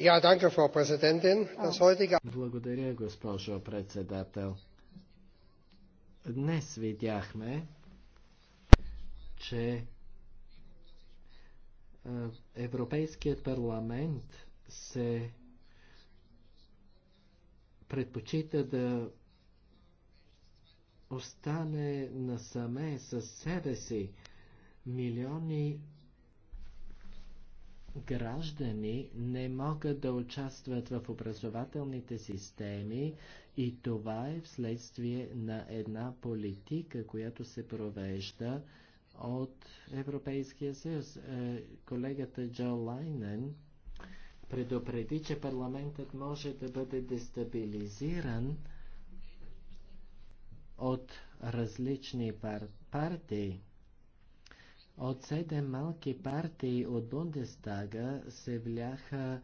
Ah. Благодаря, госпожо председател. Днес видяхме, че Европейският парламент се предпочита да остане насаме със себе си. Милиони граждани не могат да участват в образователните системи и това е вследствие на една политика, която се провежда от Европейския съюз. Е, колегата Джо Лайнен предупреди, че парламентът може да бъде дестабилизиран от различни пар- партии. От седем малки партии от Бундестага се вляха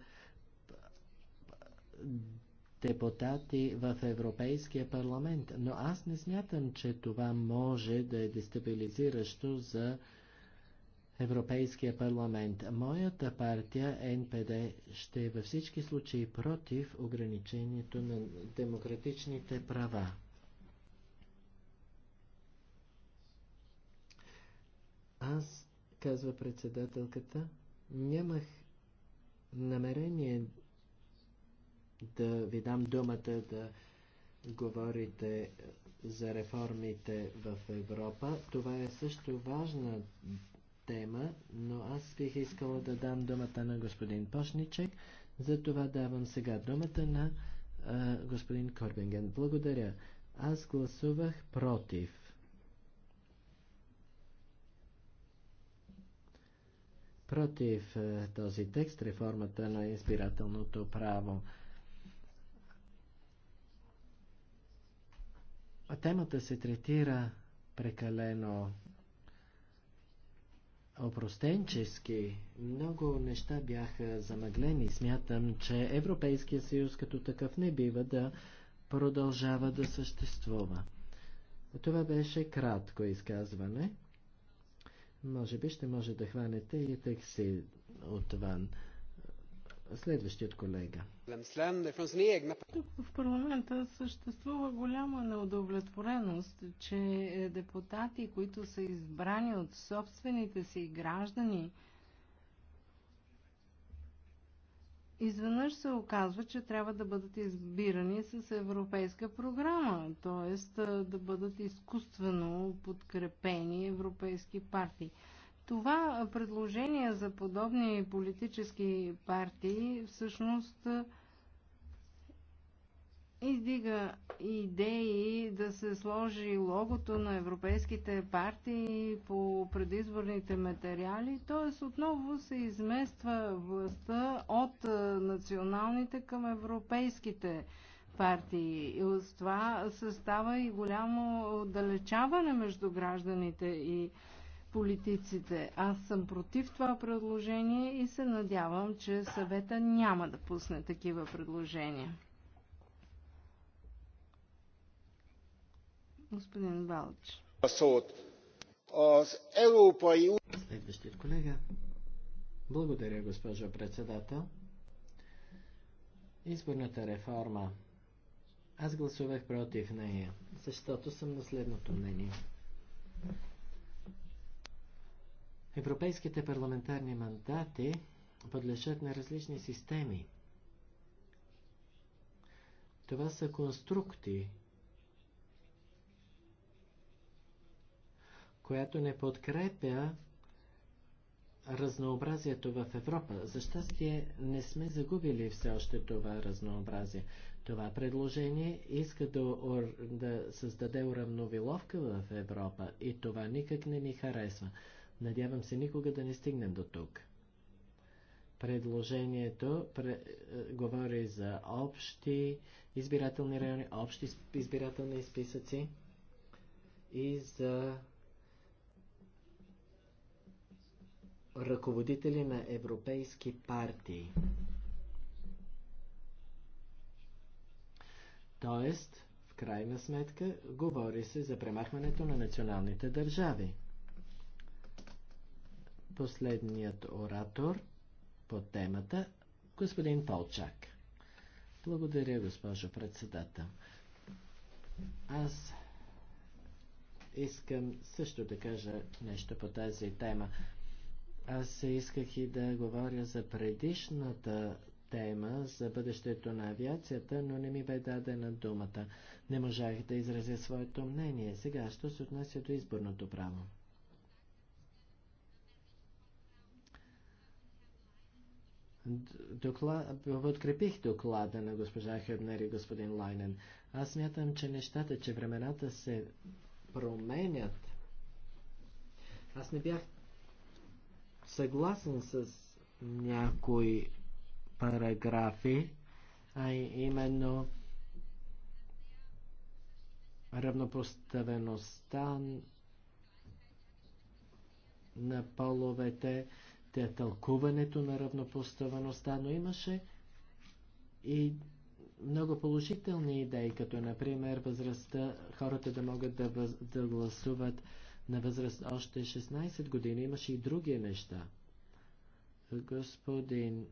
депутати в Европейския парламент, но аз не смятам, че това може да е дестабилизиращо за Европейския парламент. Моята партия НПД ще е във всички случаи против ограничението на демократичните права. Аз, казва председателката, нямах намерение да ви дам думата да говорите за реформите в Европа. Това е също важна тема, но аз бих искала да дам думата на господин Пошничек. Затова давам сега думата на а, господин Корбинген. Благодаря. Аз гласувах против против е, този текст, реформата на избирателното право. Темата се третира прекалено опростенчески. Много неща бяха замъглени. Смятам, че Европейския съюз като такъв не бива да продължава да съществува. Това беше кратко изказване. Може би ще може да хванете и такси отвън. Следващият колега. Тук в парламента съществува голяма неудовлетвореност, че депутати, които са избрани от собствените си граждани, изведнъж се оказва, че трябва да бъдат избирани с европейска програма, т.е. да бъдат изкуствено подкрепени европейски партии. Това предложение за подобни политически партии всъщност издига идеи да се сложи логото на европейските партии по предизборните материали, т.е. отново се измества властта от националните към европейските партии. И от това се става и голямо отдалечаване между гражданите и политиците. Аз съм против това предложение и се надявам, че съвета няма да пусне такива предложения. Господин Балч. Следващият колега. Благодаря, госпожо председател. Изборната реформа. Аз гласувах против нея, защото съм на следното мнение. Европейските парламентарни мандати подлежат на различни системи. Това са конструкти, която не подкрепя разнообразието в Европа. За щастие не сме загубили все още това разнообразие. Това предложение иска да, да създаде уравновиловка в Европа и това никак не ни харесва. Надявам се никога да не стигнем до тук. Предложението пре, е, говори за общи избирателни райони, общи избирателни списъци и за ръководители на европейски партии. Тоест, в крайна сметка, говори се за премахването на националните държави. Последният оратор по темата господин Полчак. Благодаря, госпожо председател. Аз искам също да кажа нещо по тази тема. Аз се исках и да говоря за предишната тема за бъдещето на авиацията, но не ми бе дадена думата. Не можах да изразя своето мнение. Сега, що се отнася до изборното право? Докла... Подкрепих доклада на госпожа Хебнер и господин Лайнен. Аз смятам, че нещата, че времената се променят. Аз не бях съгласен с някои параграфи, а именно равнопоставеността на половете, те тълкуването на равнопоставеността, но имаше и много положителни идеи, като например възрастта, хората да могат да, въз, да гласуват на възраст още 16 години имаше и други неща. Господин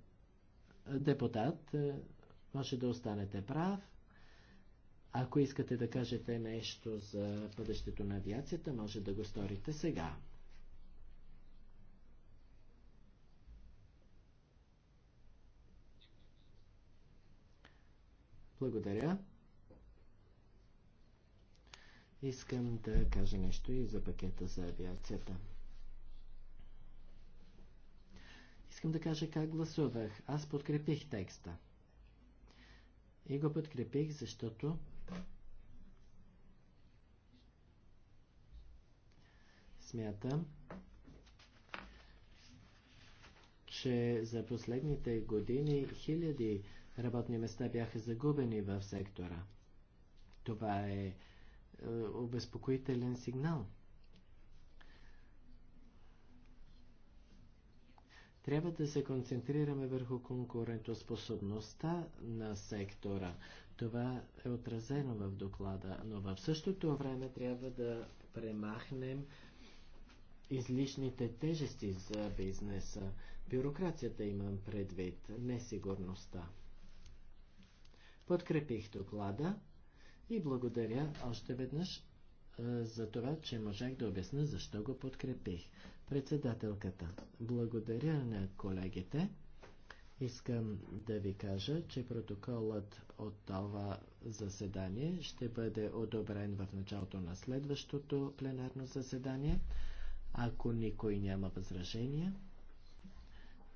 депутат, може да останете прав. Ако искате да кажете нещо за бъдещето на авиацията, може да го сторите сега. Благодаря. Искам да кажа нещо и за пакета за авиацията. Искам да кажа как гласувах. Аз подкрепих текста. И го подкрепих, защото смятам, че за последните години хиляди работни места бяха загубени в сектора. Това е е, обезпокоителен сигнал. Трябва да се концентрираме върху конкурентоспособността на сектора. Това е отразено в доклада, но в същото време трябва да премахнем излишните тежести за бизнеса. Бюрокрацията имам предвид, несигурността. Подкрепих доклада. И благодаря още веднъж за това, че можах да обясня защо го подкрепих. Председателката, благодаря на колегите. Искам да ви кажа, че протоколът от това заседание ще бъде одобрен в началото на следващото пленарно заседание. Ако никой няма възражения,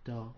то